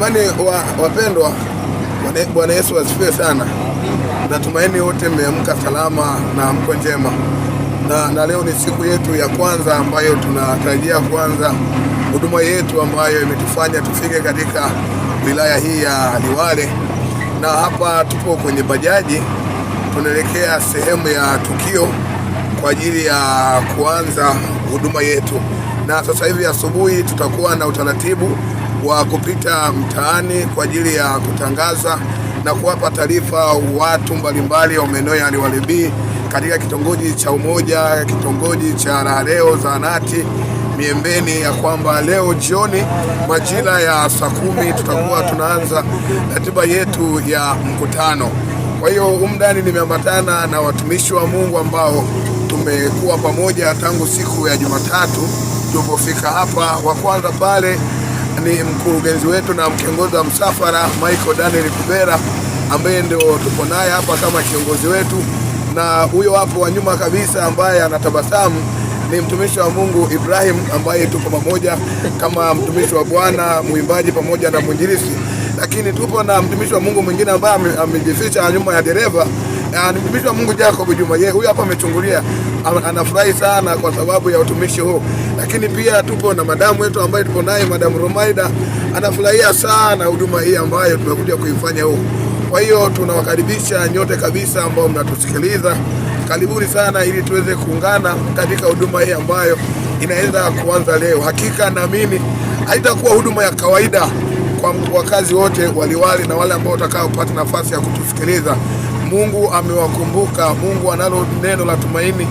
Jamani wa, wapendwa, Bwana Yesu asifiwe sana. Natumaini wote mmeamka salama na mko njema na, na leo ni siku yetu ya kwanza ambayo tunatarajia kuanza huduma yetu ambayo imetufanya tufike katika wilaya hii ya Liwale, na hapa tupo kwenye bajaji tunaelekea sehemu ya tukio kwa ajili ya kuanza huduma yetu. Na sasa hivi asubuhi tutakuwa na utaratibu wa kupita mtaani kwa ajili ya kutangaza na kuwapa taarifa watu mbalimbali wa maeneo ya Liwalibii katika kitongoji cha Umoja, kitongoji cha Rahareo, zahanati Miembeni, ya kwamba leo jioni majira ya saa kumi tutakuwa tunaanza ratiba yetu ya mkutano. Kwa hiyo umdani nimeambatana na watumishi wa Mungu ambao tumekuwa pamoja tangu siku ya Jumatatu tulipofika hapa, wa kwanza pale ni mkurugenzi wetu na mkiongozi wa msafara Michael Daniel Kubera ambaye ndio tupo naye hapa kama kiongozi wetu, na huyo hapo wa nyuma kabisa ambaye anatabasamu ni mtumishi wa Mungu Ibrahim ambaye tuko pamoja kama mtumishi wa Bwana, mwimbaji pamoja na mwinjilisi, lakini tupo na mtumishi wa Mungu mwingine ambaye amejificha nyuma ya dereva Ah, mtumishi wa Mungu Jacob Juma, yeye huyu hapa amechungulia, anafurahi sana kwa sababu ya utumishi huu, lakini pia tupo na madamu wetu ambaye tupo naye madamu Romaida, anafurahia sana huduma hii ambayo tumekuja kuifanya huku. Kwa hiyo tunawakaribisha nyote kabisa ambao mnatusikiliza, karibuni sana ili tuweze kuungana katika huduma hii ambayo inaweza kuanza leo. Hakika naamini haitakuwa huduma ya kawaida kwa wakazi wote Waliwali na wale ambao watakaopata nafasi ya kutusikiliza. Mungu amewakumbuka. Mungu analo neno la tumaini